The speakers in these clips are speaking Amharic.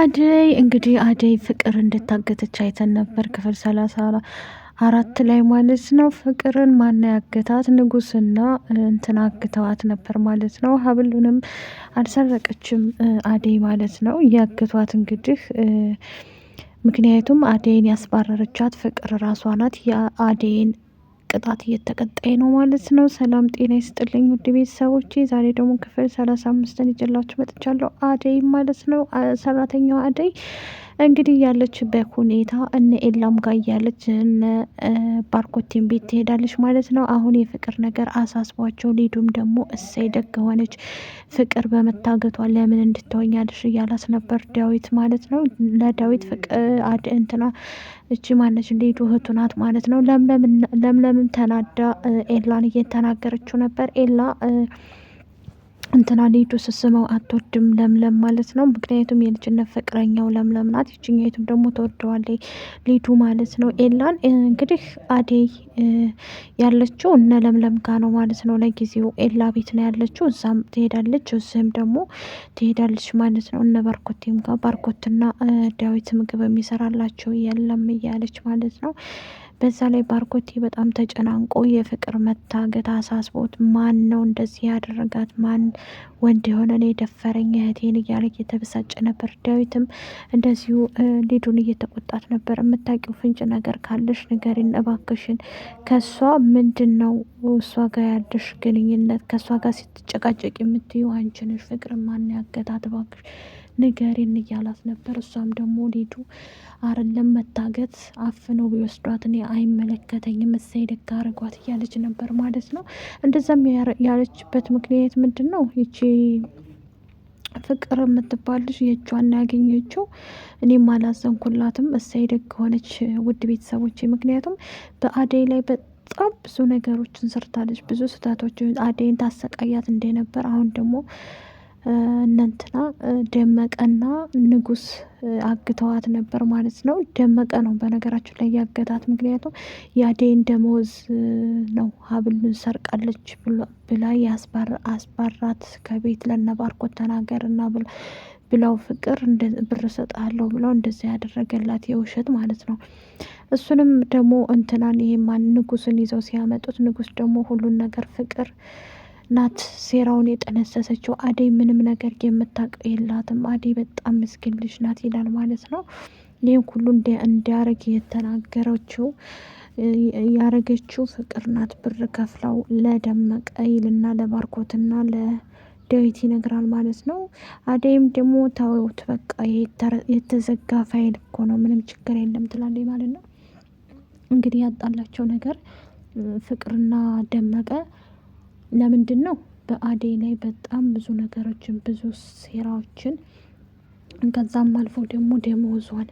አደይ እንግዲህ አደይ ፍቅር እንድታገተች አይተን ነበር ክፍል ሰላሳ አራት ላይ ማለት ነው። ፍቅርን ማና ያገታት ንጉስና እንትን አግተዋት ነበር ማለት ነው። ሀብሉንም አልሰረቀችም አደይ ማለት ነው። ያግቷት እንግዲህ ምክንያቱም አደይን ያስባረረቻት ፍቅር ራሷ ናት። የአደይን ቅጣት እየተቀጣይ ነው ማለት ነው። ሰላም ጤና ይስጥልኝ ውድ ቤተሰቦች፣ ዛሬ ደግሞ ክፍል ሰላሳ አምስትን ይዤላችሁ መጥቻለሁ። አደይ ማለት ነው ሰራተኛዋ አደይ እንግዲህ ያለችበት ሁኔታ እነ ኤላም ጋር እያለች እነ ባርኮቴን ቤት ትሄዳለች ማለት ነው። አሁን የፍቅር ነገር አሳስቧቸው ሊዱም ደግሞ እሰይ ደግ ሆነች ፍቅር በመታገቷ ለምን እንድትወኛለሽ እያላስ ነበር ዳዊት ማለት ነው። ለዳዊት አድ እንትና እቺ ማነች ሊዱ እህቱ ናት ማለት ነው። ለምለምም ተናዳ ኤላን እየተናገረችው ነበር ኤላ እንትና ልጅቱ ስስመው አትወድም ለምለም ማለት ነው። ምክንያቱም የልጅነት ፍቅረኛው ለምለም ናት። ይችኛቱም ደግሞ ተወደዋለች ልጁ ማለት ነው። ኤላን እንግዲህ አደይ ያለችው እነ ለምለም ጋ ነው ማለት ነው። ለጊዜው ኤላ ቤት ነው ያለችው። እዛም ትሄዳለች፣ እዚህም ደግሞ ትሄዳለች ማለት ነው። እነ ባርኮቴም ጋር ባርኮትና ዳዊት ምግብ የሚሰራላቸው የለም እያለች ማለት ነው። በዛ ላይ ባርኮቴ በጣም ተጨናንቆ የፍቅር መታገት አሳስቦት ማን ነው እንደዚህ ያደረጋት ማን ወንድ የሆነ እኔ የደፈረኝ እህቴን እያለ እየተበሳጨ ነበር። ዳዊትም እንደዚሁ ሊዱን እየተቆጣት ነበር። የምታውቂው ፍንጭ ነገር ካለሽ ንገሪን እባክሽን። ከእሷ ምንድን ነው እሷ ጋር ያለሽ ግንኙነት? ከእሷ ጋር ስትጨቃጨቅ የምትዩ አንቺ ነሽ። ፍቅር ማን ያገታት እባክሽ ንገሬን እያላት ነበር። እሷም ደግሞ ሊዱ አይደለም መታገት አፍነው ቢወስዷት እኔ አይመለከተኝም እሰይ ደግ አረጓት እያለች ነበር ማለት ነው። እንደዛም ያለችበት ምክንያት ምንድን ነው? ይቺ ፍቅር የምትባል ልጅ የእጇን ያገኘችው እኔም አላዘንኩላትም። እሰይ ደግ ሆነች። ውድ ቤተሰቦች ምክንያቱም በአደይ ላይ በጣም ብዙ ነገሮችን ሰርታለች። ብዙ ስህተቶች አደይን ታሰቃያት እንደነበር አሁን ደግሞ እነንትና ደመቀና ንጉስ አግተዋት ነበር ማለት ነው። ደመቀ ነው በነገራችን ላይ ያገታት። ምክንያቱም የአደይን ደመወዝ ነው ሀብል ሰርቃለች ብላ አስባራት ከቤት ለነባርኮት ተናገር እና ብለው ፍቅር ብር ሰጣለሁ ብለው እንደዚያ ያደረገላት የውሸት ማለት ነው። እሱንም ደግሞ እንትናን ይሄ ማን ንጉስን ይዘው ሲያመጡት ንጉስ ደግሞ ሁሉን ነገር ፍቅር ናት ሴራውን የጠነሰሰችው። አደይ ምንም ነገር የምታውቀው የላትም። አደይ በጣም ምስኪን ልጅ ናት ይላል ማለት ነው። ይህን ሁሉ እንዲያረግ የተናገረችው ያረገችው ፍቅር ናት። ብር ከፍለው ለደመቀ ይልና ለባርኮትና ለዳዊት ይነግራል ማለት ነው። አደይም ደግሞ ታወት በቃ የተዘጋ ፋይል እኮ ነው ምንም ችግር የለም ትላለች ማለት ነው። እንግዲህ ያጣላቸው ነገር ፍቅርና ደመቀ ለምንድን ነው በአደይ ላይ በጣም ብዙ ነገሮችን ብዙ ሴራዎችን ከዛም አልፎ ደግሞ ደመወዟን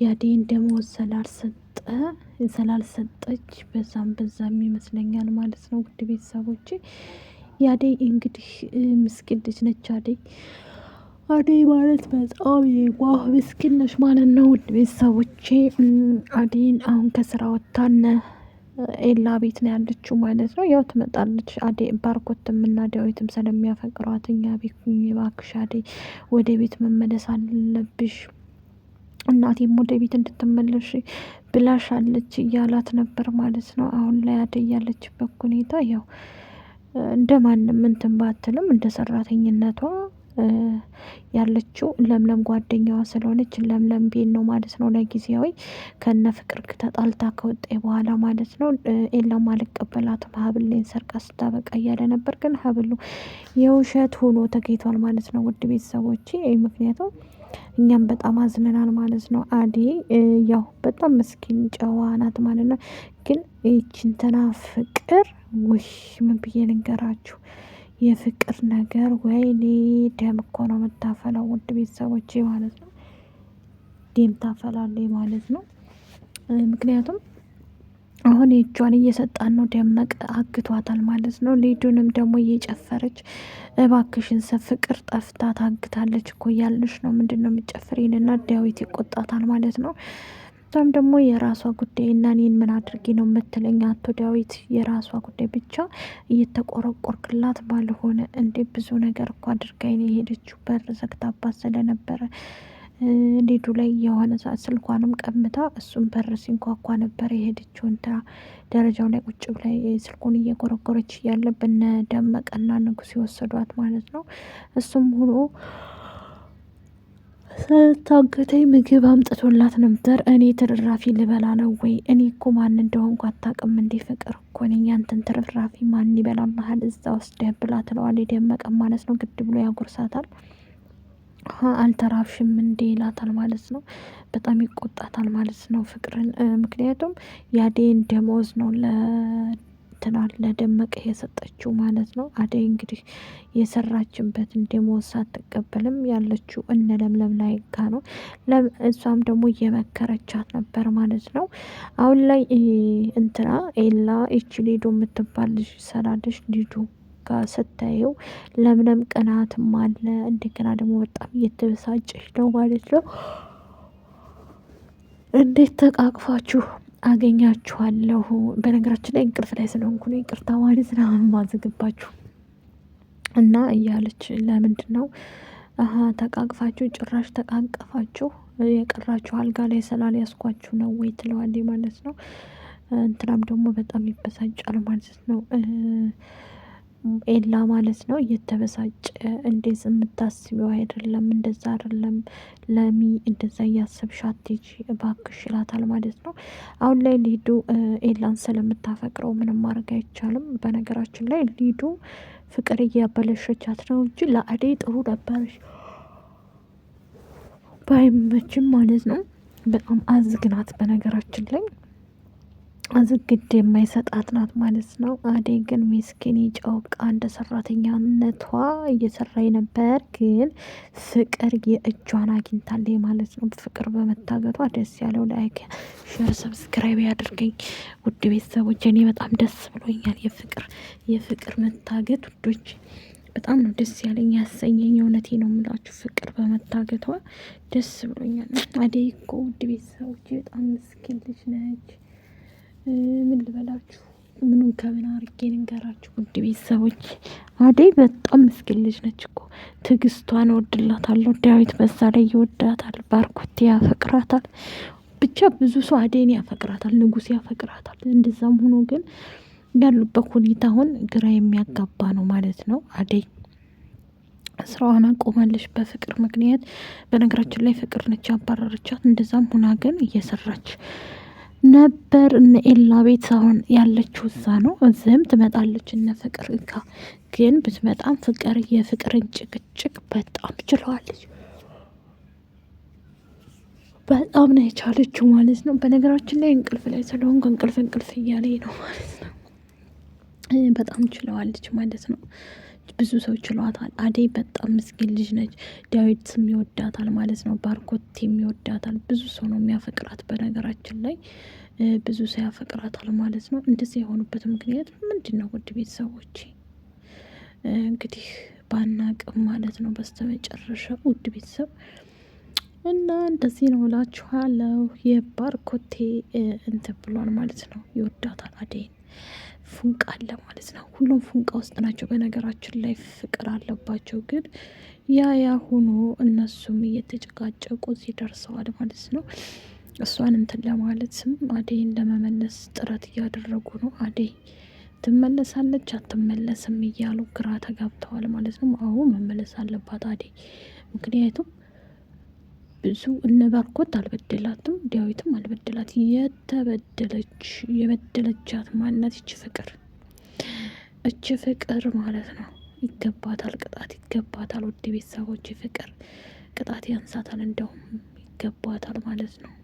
የአደይን ደመወዝ ስላልሰጠ ስላልሰጠች በዛም በዛም ይመስለኛል ማለት ነው። ውድ ቤተሰቦቼ የአደይ እንግዲህ ምስኪን ነች። አደይ አደይ ማለት በጣም የዋህ ምስኪን ነች ማለት ነው። ውድ ቤተሰቦቼ አደይን አሁን ከስራ ወጥታነ ኤላ ቤት ነው ያለችው ማለት ነው። ያው ትመጣለች። አዴ ባርኮትም እና ዳዊትም ስለሚያፈቅሯት እኛ ቤት እባክሽ አዴ፣ ወደ ቤት መመለስ አለብሽ እናቴም ወደ ቤት እንድትመለሽ ብላሻለች እያላት ነበር ማለት ነው። አሁን ላይ አዴ ያለችበት ሁኔታ ያው እንደ ማንም እንትን ባትልም እንደ ሰራተኝነቷ ያለችው ለምለም ጓደኛዋ ስለሆነች ለምለም ቤን ነው ማለት ነው። ለጊዜያዊ ከነ ፍቅር ተጣልታ ከወጣ በኋላ ማለት ነው። ኤላም አልቀበላትም ሀብሌን ሰርቃ ስታበቃ እያለ ነበር፣ ግን ሀብሉ የውሸት ሆኖ ተገኝቷል ማለት ነው። ውድ ቤተሰቦቼ ምክንያቱም እኛም በጣም አዝነናል ማለት ነው። አዴ ያው በጣም ምስኪን ጨዋ ናት ማለት ነው። ግን ይችንተና እንትና ፍቅር ውሽ ምን ብዬ ልንገራችሁ የፍቅር ነገር ወይኔ ደም እኮ ነው የምታፈላው፣ ውድ ቤተሰቦች ማለት ነው። ደም ታፈላለች ማለት ነው። ምክንያቱም አሁን የእጇን እየሰጣን ነው። ደመቀ አግቷታል ማለት ነው። ሊዱንም ደግሞ እየጨፈረች እባክሽን ሰ ፍቅር ጠፍታ ታግታለች እኮ እያልሽ ነው ምንድን ነው የምጨፍር? ይህንና ዳዊት ይቆጣታል ማለት ነው። ሩታም ደግሞ የራሷ ጉዳይ እና እኔን ምን አድርጌ ነው የምትለኝ? አቶ ዳዊት የራሷ ጉዳይ ብቻ እየተቆረቆርክላት ባልሆነ እንዴ ብዙ ነገር እኮ አድርጋ የሄደችው በር ዘግታባት ስለነበረ ሊዱ ላይ የሆነ ሰዓት ስልኳንም ቀምታ እሱም በር ሲንኳኳ ነበር የሄደችውን ትራ ደረጃው ላይ ቁጭ ላይ ስልኩን እየጎረጎረች እያለ በነ ደመቀና ንጉስ የወሰዷት ማለት ነው። እሱም ሁኖ ስታገተኝ ምግብ አምጥቶላት ነበር። እኔ ትርራፊ ልበላ ነው ወይ? እኔ እኮ ማን እንደሆንኩ አታውቅም እንዲ ፍቅር እኮ ነኝ። ያንተን ትርራፊ ማን ይበላልሃል? እዛ ወስደህ ብላ ትለዋል። የደመቀ ማለት ነው ግድ ብሎ ያጎርሳታል። አልተራብሽም እንዴ ይላታል ማለት ነው። በጣም ይቆጣታል ማለት ነው ፍቅርን ምክንያቱም ያዴን ደሞዝ ነው ለ እንትናል ለደመቀ የሰጠችው ማለት ነው። አደይ እንግዲህ የሰራችበትን ደሞዝ አትቀበልም ያለችው እነ ለምለም ላይ ጋ ነው። እሷም ደግሞ እየመከረቻት ነበር ማለት ነው። አሁን ላይ እንትና ኤላ ይቺ ሊዶ የምትባል ልጅ ሰላለች ሊዶ ጋር ስታየው ለምለም ቅናትም አለ። እንደገና ደግሞ በጣም እየተበሳጨች ነው ማለት ነው። እንዴት ተቃቅፋችሁ አገኛችኋለሁ። በነገራችን ላይ እንቅልፍ ላይ ስለሆንኩ ነው ይቅርታ ማለት ነው ማዘግባችሁ እና እያለች ለምንድን ነው ተቃቅፋችሁ ጭራሽ ተቃቀፋችሁ የቀራችሁ አልጋ ላይ ስላል ያስኳችሁ ነው ወይ ትለዋል ማለት ነው። እንትናም ደግሞ በጣም ይበሳጫል ማለት ነው። ኤላ ማለት ነው እየተበሳጨ እንዴት የምታስቢው አይደለም፣ እንደዛ አይደለም፣ ለሚ እንደዛ እያሰብሽ አትሄጂ እባክሽ ይላታል ማለት ነው። አሁን ላይ ሊዱ ኤላን ስለምታፈቅረው ምንም ማድረግ አይቻልም። በነገራችን ላይ ሊዱ ፍቅር እያበለሸቻት ነው እንጂ ለአዴ ጥሩ ነበረች ባይመችም ማለት ነው። በጣም አዝግናት በነገራችን ላይ ዝግድ የማይሰጣት ናት ማለት ነው። አዴ ግን ሚስኪን ጨውቃ እንደ ሰራተኛነቷ እየሰራ ነበር፣ ግን ፍቅር የእጇን አግኝታለች ማለት ነው። ፍቅር በመታገቷ ደስ ያለው። ላይክ፣ ሼር፣ ሰብስክራይብ ያድርገኝ ውድ ቤተሰቦች። እኔ በጣም ደስ ብሎኛል። የፍቅር የፍቅር መታገት ውዶች በጣም ነው ደስ ያለኝ ያሰኘኝ። እውነቴ ነው የምላችሁ ፍቅር በመታገቷ ደስ ብሎኛል። አዴ እኮ ውድ ቤተሰቦች በጣም ምስኪን ልጅ ነች። ምን ልበላችሁ፣ ምኑን ከምን አርጌ ልንገራችሁ? ውድ ቤተሰቦች አደይ በጣም ምስኪን ልጅ ነች እኮ ትዕግስቷን እወድላታለሁ። ዳዊት በዛ ላይ ይወዳታል፣ ባርኮቴ ያፈቅራታል። ብቻ ብዙ ሰው አደይን ያፈቅራታል፣ ንጉስ ያፈቅራታል። እንደዛም ሆኖ ግን ያሉበት ሁኔታ አሁን ግራ የሚያጋባ ነው ማለት ነው። አደይ ስራዋን አቆማለች በፍቅር ምክንያት። በነገራችን ላይ ፍቅር ነች ያባረረቻት። እንደዛም ሆና ግን እየሰራች ነበር እነ ኤላ ቤት አሁን ያለችው እዛ ነው። እዚህም ትመጣለች እነ ፍቅር ጋ ግን ብትመጣም ፍቅር የፍቅርን ጭቅጭቅ በጣም ችለዋለች። በጣም ነው የቻለችው ማለት ነው። በነገራችን ላይ እንቅልፍ ላይ ስለሆንኩ እንቅልፍ እንቅልፍ እያለ ነው ማለት ነው። በጣም ችለዋለች ማለት ነው። ብዙ ሰው ችሏታል። አደይ በጣም ምስኪን ልጅ ነች። ዳዊትም ይወዳታል ማለት ነው። ባርኮቴም ይወዳታል። ብዙ ሰው ነው የሚያፈቅራት። በነገራችን ላይ ብዙ ሰው ያፈቅራታል ማለት ነው። እንደዚህ የሆኑበት ምክንያት ምንድን ነው? ውድ ቤተሰቦች እንግዲህ ባናቅም ማለት ነው። በስተመጨረሻ ውድ ቤተሰብ እና እንደዚህ ነው እላችኋለሁ። የባርኮቴ እንትን ብሏል ማለት ነው። ይወዳታል አደይን ፉንቃ አለ ማለት ነው። ሁሉም ፉንቃ ውስጥ ናቸው። በነገራችን ላይ ፍቅር አለባቸው፣ ግን ያ ያ ሆኖ እነሱም እየተጨቃጨቁ እዚህ ደርሰዋል ማለት ነው። እሷን እንትን ለማለትም አደይን ለመመለስ ጥረት እያደረጉ ነው። አደይ ትመለሳለች አትመለስም እያሉ ግራ ተጋብተዋል ማለት ነው። አሁ መመለስ አለባት አደይ ምክንያቱም ብዙ እነ ባርኮት አልበደላትም፣ ዳዊትም አልበደላት። የተበደለች የበደለቻት ማናት? ይች ፍቅር እች ፍቅር ማለት ነው። ይገባታል፣ ቅጣት ይገባታል። ውድ ቤተሰቦች ፍቅር ቅጣት ያንሳታል፣ እንደውም ይገባታል ማለት ነው።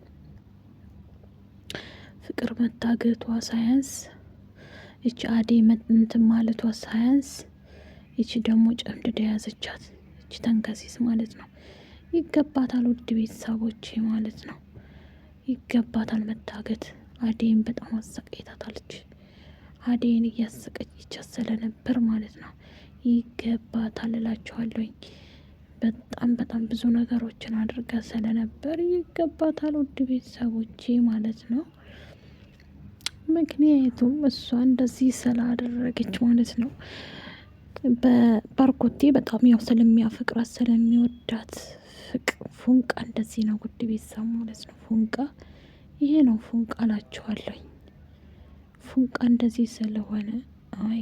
ፍቅር መታገቷ ሳያንስ እች አዴ እንትን ማለቷ ሳያንስ ይች ደግሞ ጨምድዳ የያዘቻት እች ተንከሲስ ማለት ነው። ይገባታል። ውድ ቤተሰቦቼ ማለት ነው ይገባታል መታገት። አዴን በጣም አሰቃይታታለች። አዴን ይቻሰለ ነበር ማለት ነው ይገባታል እላችኋለሁኝ። በጣም በጣም ብዙ ነገሮችን አድርጋ ስለነበር ይገባታል ውድ ቤተሰቦቼ ማለት ነው። ምክንያቱም እሷ እንደዚህ ስላደረገች ማለት ነው። በባርኮቴ በጣም ያው ስለሚያፈቅራት ስለሚወዳት ፉንቃ እንደዚህ ነው ጉድ ቤተሰብ ማለት ነው። ፉንቃ ይሄ ነው ፉንቃ እላችኋለኝ። ፉንቃ እንደዚህ ስለሆነ አይ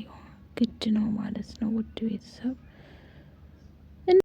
ግድ ነው ማለት ነው ውድ ቤተሰብ